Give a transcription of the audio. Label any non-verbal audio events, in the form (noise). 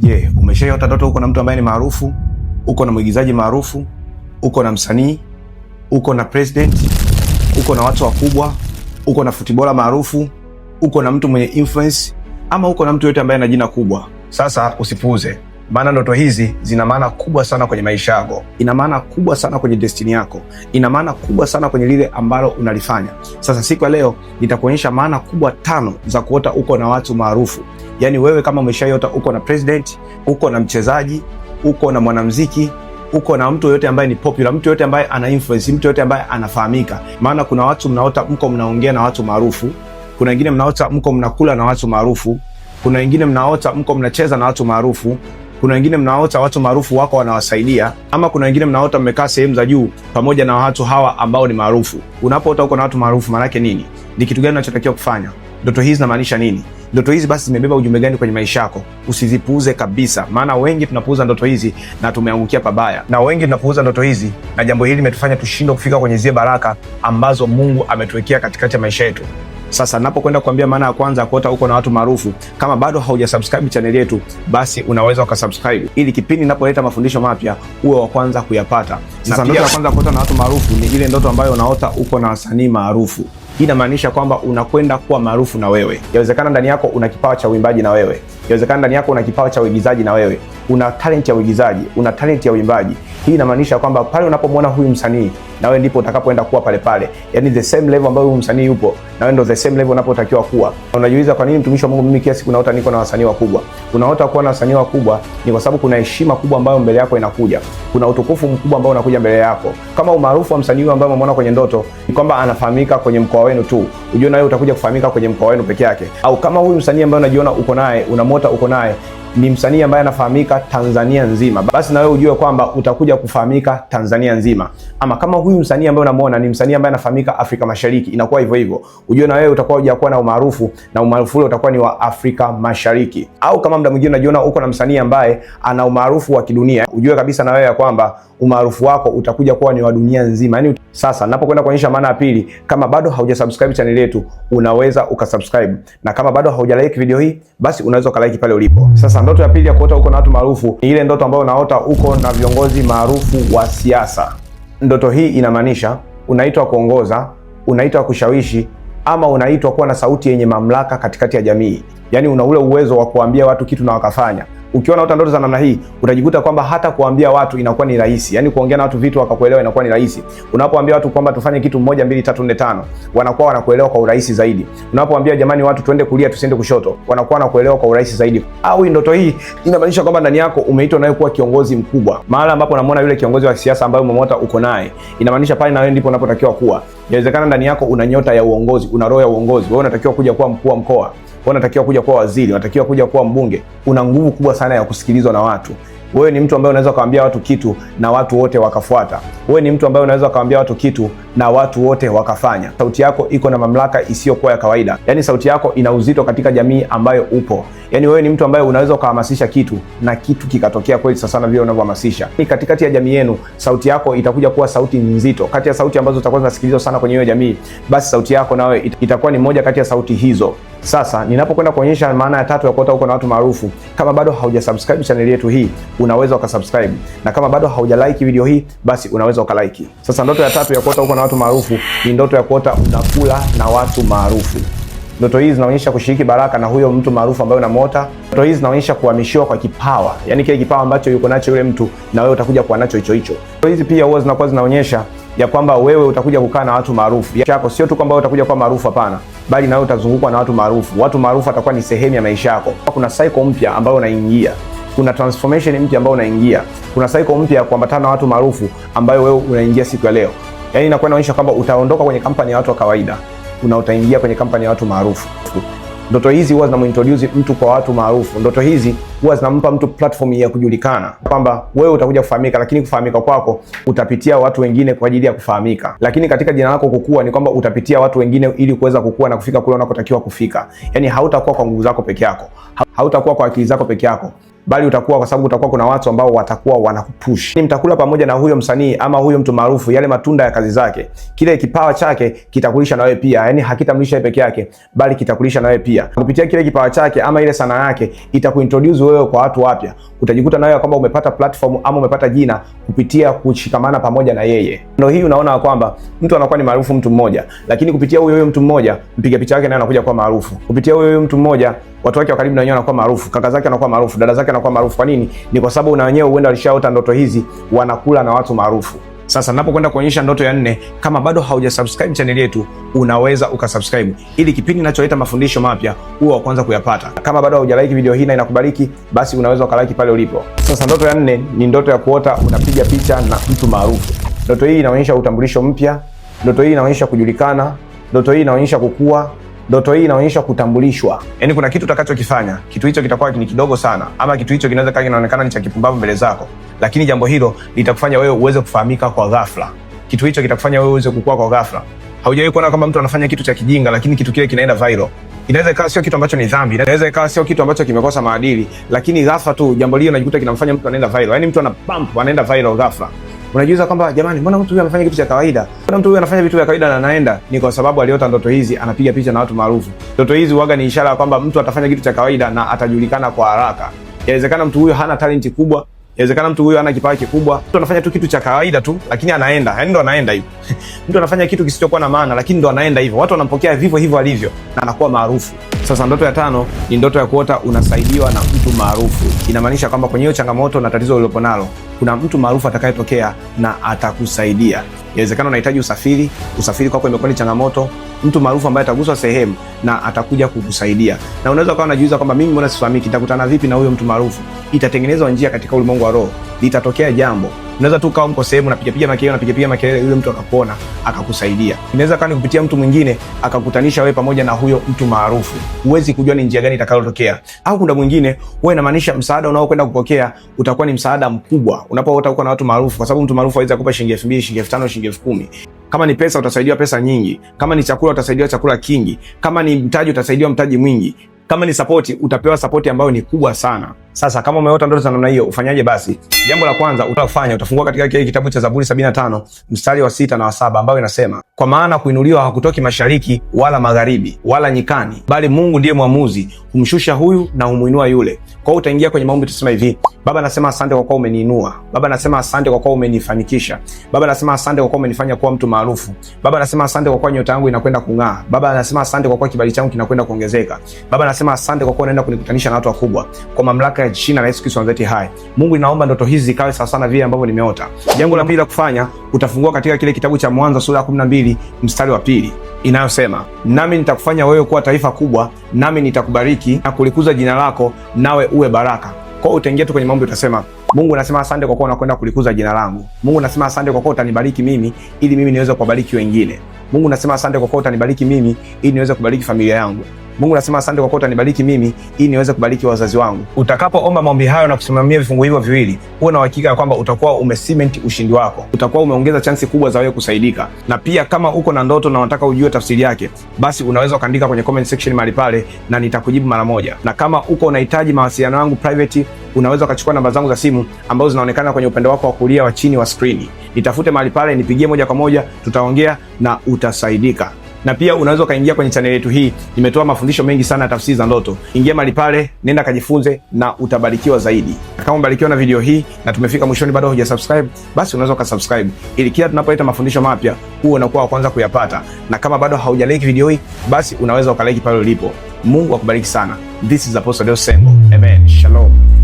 Je, yeah, umeshaiota ndoto uko na mtu ambaye ni maarufu, uko na mwigizaji maarufu, uko na msanii, uko na president, uko na watu wakubwa, uko na futibola maarufu, uko na mtu mwenye influence, ama uko na mtu yote ambaye ana jina kubwa? Sasa usipuuze maana ndoto hizi zina maana kubwa sana kwenye maisha yako, ina maana kubwa sana kwenye destini yako, ina maana kubwa sana kwenye lile ambalo unalifanya. Sasa siku ya leo nitakuonyesha maana kubwa tano za kuota uko na watu maarufu. Yaani wewe kama umeshaota uko na president, uko na mchezaji, uko na mwanamuziki uko na mtu yoyote ambaye ni popular, mtu yoyote ambaye ana influence, mtu yoyote ambaye anafahamika. Maana kuna watu mnaota mko mnaongea na watu maarufu, kuna wengine mnaota mko mnakula na watu maarufu, kuna wengine mnaota mko mnacheza na watu maarufu, kuna wengine mnaota watu maarufu wako wanawasaidia, ama kuna wengine mnaota mmekaa sehemu za juu pamoja na watu hawa ambao ni maarufu. Unapoota huko na watu maarufu, maanake nini? Ni kitu gani unachotakiwa kufanya? Ndoto hizi zinamaanisha nini? Ndoto hizi basi zimebeba ujumbe gani kwenye maisha yako? Usizipuuze kabisa, maana wengi tunapuuza ndoto hizi na tumeangukia pabaya, na wengi tunapuuza ndoto hizi, na jambo hili limetufanya tushindwe kufika kwenye zile baraka ambazo Mungu ametuwekea katikati ya maisha yetu. Sasa napokwenda kuambia maana ya kwanza ya kuota huko na watu maarufu, kama bado haujasubscribe channel yetu, basi unaweza ukasubscribe ili kipindi napoleta mafundisho mapya uwe wa kwanza kuyapata. Sasa ndoto ya kwanza kuota na watu maarufu ni ile ndoto ambayo unaota uko na wasanii maarufu. Hii inamaanisha kwamba unakwenda kuwa maarufu na wewe. Yawezekana ndani yako una kipawa cha uimbaji na wewe, yawezekana ndani yako una kipawa cha uigizaji na wewe una talent ya uigizaji, una talent ya uimbaji. Hii inamaanisha kwamba pale unapomwona huyu msanii, na wewe ndipo utakapoenda kuwa pale pale, yani the same level ambayo huyu msanii yupo, na wewe ndo the same level unapotakiwa kuwa. Unajiuliza, kwa nini mtumishi wa Mungu, mimi kiasi kunaota niko na wasanii wakubwa? Unaota kuwa na wasanii wakubwa ni kwa sababu kuna heshima kubwa ambayo mbele yako inakuja, kuna utukufu mkubwa ambao unakuja mbele yako. Kama umaarufu wa msanii ambaye umemwona kwenye ndoto ni kwamba anafahamika kwenye mkoa wenu tu, ujue na wewe utakuja kufahamika kwenye mkoa wenu peke yake. Au kama huyu msanii ambaye unajiona uko naye, unamwota uko naye, ni msanii ambaye anafahamika Tanzania nzima, basi na wewe ujue kwamba utakuja kufahamika Tanzania nzima. Ama kama huyu msanii ambaye unamuona ni msanii ambaye anafahamika Afrika Mashariki, inakuwa hivyo hivyo, ujue na wewe utakuwa hujakuwa na umaarufu na umaarufu ule utakuwa ni wa Afrika Mashariki. Au kama mda mwingine unajiona uko na msanii ambaye ana umaarufu wa kidunia, ujue kabisa na wewe kwamba umaarufu wako utakuja kuwa ni wa dunia nzima. Yaani sasa napokwenda kuonyesha maana ya pili, kama bado haujasubscribe channel yetu, unaweza ukasubscribe, na kama bado haujalike video hii, basi unaweza ukalike pale ulipo sasa ndoto ya pili ya kuota uko na watu maarufu ni ile ndoto ambayo unaota uko na viongozi maarufu wa siasa. Ndoto hii inamaanisha unaitwa kuongoza, unaitwa kushawishi, ama unaitwa kuwa na sauti yenye mamlaka katikati ya jamii yani una ule uwezo wa kuambia watu kitu na wakafanya. Ukiona unaota ndoto za namna hii, utajikuta kwamba hata kuambia watu inakuwa ni rahisi, yani kuongea na watu vitu wakakuelewa inakuwa ni rahisi. Unapoambia watu kwamba tufanye kitu moja, mbili, tatu, nne, tano, wanakuwa wanakuelewa kwa urahisi zaidi. Unapoambia jamani, watu tuende kulia, tusiende kushoto, wanakuwa wanakuelewa kwa urahisi zaidi. Au ndoto hii inamaanisha kwamba ndani yako umeitwa nawe kuwa kiongozi mkubwa, mahala ambapo unamwona yule kiongozi wa kisiasa ambaye umemwota uko naye, inamaanisha pale na wewe ndipo unapotakiwa kuwa. Inawezekana ndani yako una nyota ya uongozi, una roho ya uongozi, wewe unatakiwa kuja kuwa mkuu wa mkoa wanatakiwa kuja kuwa waziri, wanatakiwa kuja kuwa mbunge, una nguvu kubwa sana ya kusikilizwa na watu. Wewe ni mtu ambaye unaweza kuambia watu kitu na watu wote wakafuata. Wewe ni mtu ambaye unaweza kuambia watu kitu na watu wote wakafanya. Sauti yako iko na mamlaka isiyokuwa ya kawaida, yaani sauti yako ina uzito katika jamii ambayo upo. Yaani wewe ni mtu ambaye unaweza ukahamasisha kitu na kitu kikatokea kweli sasa na vile unavyohamasisha. Ni katikati ya jamii yenu, sauti yako itakuja kuwa sauti nzito. Kati ya sauti ambazo zitakuwa zinasikilizwa sana kwenye hiyo jamii, basi sauti yako nawe itakuwa ni moja kati ya sauti hizo. Sasa ninapokwenda kuonyesha maana ya tatu ya kuota huko na watu maarufu, kama bado hauja subscribe channel yetu hii unaweza ukasubscribe, na kama bado haujalike video hii, basi unaweza ukalike. Sasa ndoto ya tatu ya kuota huko na watu maarufu ni ndoto ya kuota unakula na watu maarufu. Ndoto hizi zinaonyesha kushiriki baraka na huyo mtu maarufu ambaye unamuota. Ndoto hizi zinaonyesha kuhamishiwa kwa kipawa, yani kile kipawa ambacho yuko nacho yule mtu na wewe utakuja kuwa nacho hicho hicho. Ndoto hizi pia huwa zinakuwa zinaonyesha ya kwamba wewe utakuja kukaa na watu maarufu yako, sio tu kwamba wewe utakuja kuwa maarufu, hapana, bali na wewe utazungukwa na watu maarufu. Watu maarufu watakuwa ni sehemu ya maisha yako. Kuna cycle mpya ambayo unaingia kuna transformation mpya ambayo unaingia, kuna cycle mpya ya kuambatana na watu maarufu ambayo wewe unaingia siku ya leo. Yaani inakuwa inaonyesha kwamba utaondoka kwenye kampani ya watu wa kawaida una utaingia kwenye kampani ya watu maarufu. Ndoto hizi huwa zinamintroduce mtu kwa watu maarufu. Ndoto hizi huwa zinampa mtu platform ya kujulikana, kwamba wewe utakuja kufahamika, lakini kufahamika kwako utapitia watu wengine kwa ajili ya kufahamika. Lakini katika jina lako kukua ni kwamba utapitia watu wengine ili kuweza kukua na kufika kule unakotakiwa kufika. Yani hautakuwa kwa nguvu zako peke yako, hautakuwa kwa akili zako peke yako bali utakuwa kwa sababu utakuwa kuna watu ambao watakuwa wanakupush. Ni mtakula pamoja na huyo msanii ama huyo mtu maarufu, yale matunda ya kazi zake, kile kipawa chake kitakulisha na wewe pia. Yaani hakitamlisha peke yake, bali kitakulisha na wewe pia. Kupitia kile kipawa chake ama ile sanaa yake itakuintroduce wewe kwa watu wapya, utajikuta nawe kwamba umepata platform ama umepata jina kupitia kushikamana pamoja na yeye. Ndio hii unaona kwamba mtu anakuwa ni maarufu mtu mmoja, lakini kupitia huyo huyo mtu mmoja, mpiga picha yake naye anakuja kuwa maarufu. Kupitia huyo huyo mtu mmoja, watu wake wa karibu na wenyewe wanakuwa maarufu, kaka zake anakuwa maarufu, dada zake anakuwa maarufu. Kwa nini? Ni kwa sababu na wenyewe huenda walishaota ndoto hizi, wanakula na watu maarufu. Sasa napokwenda kuonyesha ndoto ya nne, kama bado haujasubscribe chaneli yetu, unaweza ukasubscribe ili kipindi ninacholeta mafundisho mapya huwa wa kwanza kuyapata. Kama bado haujalike video hii na inakubariki, basi unaweza ukalike pale ulipo. Sasa ndoto ya nne ni ndoto ya kuota unapiga picha na mtu maarufu. Ndoto hii inaonyesha utambulisho mpya, ndoto hii inaonyesha kujulikana, ndoto hii inaonyesha kukua ndoto hii inaonyeshwa kutambulishwa. Yaani kuna kitu utakachokifanya, kitu hicho kitakuwa ni kidogo sana, ama kitu hicho kinaweza kaa kinaonekana ni cha kipumbavu mbele zako, lakini jambo hilo litakufanya wewe uweze kufahamika kwa ghafla. Kitu hicho kitakufanya wewe uweze kukua kwa ghafla. Haujawahi kuona kwamba mtu anafanya kitu cha kijinga, lakini kitu kile kinaenda viral. Inaweza ikawa sio kitu ambacho ni dhambi, inaweza ikawa sio kitu ambacho kimekosa maadili, lakini ghafla tu jambo lile unajikuta kinamfanya mtu anaenda viral. Yaani mtu ana pump anaenda viral ghafla unajiuliza kwamba jamani, mbona mtu huyu anafanya kitu cha kawaida? Mbona mtu huyu anafanya vitu vya kawaida na anaenda? Ni kwa sababu aliota ndoto hizi, anapiga picha na watu maarufu. Ndoto hizi huaga ni ishara ya kwamba mtu atafanya kitu cha kawaida na atajulikana kwa haraka. Inawezekana mtu huyu hana talenti kubwa, inawezekana mtu huyu hana kipawa kikubwa. Mtu anafanya tu kitu cha kawaida tu, lakini anaenda, yaani ndo anaenda hivyo. (laughs) Mtu anafanya kitu kisichokuwa na maana, lakini ndo anaenda hivyo, watu wanampokea vivyo hivyo alivyo na anakuwa maarufu. Sasa ndoto ya tano ni ndoto ya kuota unasaidiwa na mtu maarufu. Inamaanisha kwamba kwenye hiyo changamoto na tatizo ulilopo nalo kuna mtu maarufu atakayetokea na atakusaidia. Inawezekana unahitaji usafiri, usafiri kwako imekuwa ni changamoto, mtu maarufu ambaye ataguswa sehemu na atakuja kukusaidia. Na unaweza ukawa unajiuliza kwamba mimi mbona sifahamiki, nitakutana vipi na huyo mtu maarufu? Itatengenezwa njia katika ulimwengu wa roho, litatokea jambo unaweza tu kawa mko sehemu unapiga piga makelele unapiga piga makelele, yule mtu akakuona akakusaidia. Inaweza kaa ni kupitia mtu mwingine akakutanisha wewe pamoja na huyo mtu maarufu, huwezi kujua ni njia gani itakayotokea. Au kuna mwingine huwa inamaanisha msaada unaokwenda kupokea utakuwa ni msaada mkubwa unapoota huko na watu maarufu, kwa sababu mtu maarufu aweza kukupa shilingi 2000 shilingi 5000 shilingi 10000 kama ni pesa utasaidiwa pesa nyingi, kama ni chakula utasaidiwa chakula kingi, kama ni mtaji utasaidiwa mtaji mwingi, kama ni sapoti utapewa sapoti ambayo ni kubwa sana. Sasa kama umeota ndoto za namna hiyo ufanyaje? Basi jambo la kwanza utafanya, utafungua katika kile kitabu cha Zaburi 75 mstari wa sita na wa saba ambayo inasema, kwa maana kuinuliwa hakutoki mashariki wala magharibi wala nyikani, bali Mungu ndiye mwamuzi, humshusha huyu na humuinua yule. Kwa hiyo utaingia kwenye maombi, tusema hivi: Baba, nasema asante kwa kuwa umeniinua. Baba, nasema asante kwa kuwa umenifanikisha. Baba, nasema asante kwa kuwa umenifanya kuwa mtu maarufu. Baba, nasema asante kwa kuwa nyota yangu inakwenda kung'aa. Baba, nasema asante kwa kuwa kibali changu kinakwenda kuongezeka. Baba, nasema asante kwa kuwa unaenda kunikutanisha na watu wakubwa kwa mamlaka ya jina la Yesu Kristo wa Nazareti hai. Mungu ninaomba ndoto hizi zikawe sawa sana vile ambavyo nimeota. Jambo la pili la kufanya, utafungua katika kile kitabu cha Mwanzo sura ya 12 mstari wa pili inayosema nami nitakufanya wewe kuwa taifa kubwa, nami nitakubariki na kulikuza jina lako, nawe uwe baraka. Kwa hiyo utaingia tu kwenye maombi, utasema Mungu nasema asante kwa kuwa unakwenda kulikuza jina langu. Mungu nasema asante kwa kuwa utanibariki mimi ili mimi niweze kuwabariki wengine. Mungu nasema asante kwa kuwa utanibariki mimi ili niweze kubariki familia yangu. Mungu nasema asante kwa kuwa utanibariki mimi ili niweze kubariki wazazi wangu. Utakapoomba maombi hayo na kusimamia vifungu hivyo viwili, huwa na uhakika ya kwamba utakuwa umesimenti ushindi wako, utakuwa umeongeza chansi kubwa za wewe kusaidika. Na pia kama uko na ndoto na unataka ujue tafsiri yake, basi unaweza ukaandika kwenye comment section mahali pale, na nitakujibu mara moja. Na kama uko unahitaji mawasiliano yangu private unaweza ukachukua namba zangu za simu ambazo zinaonekana kwenye upande wako wa kulia wa chini wa screen. Nitafute mahali pale, nipigie moja kwa moja, tutaongea na utasaidika na pia unaweza ukaingia kwenye chaneli yetu hii, imetoa mafundisho mengi sana ya tafsiri za ndoto. Ingia mahali pale, nenda kajifunze na utabarikiwa zaidi. Kama umebarikiwa na video hii na tumefika mwishoni, bado hujasubscribe, basi unaweza ukasubscribe ili kila tunapoleta mafundisho mapya huwe unakuwa wa kwanza kuyapata, na kama bado haujalike video hii, basi unaweza ukalike pale ulipo. Mungu akubariki sana. This is Apostle Deo Sengo. Amen. Shalom.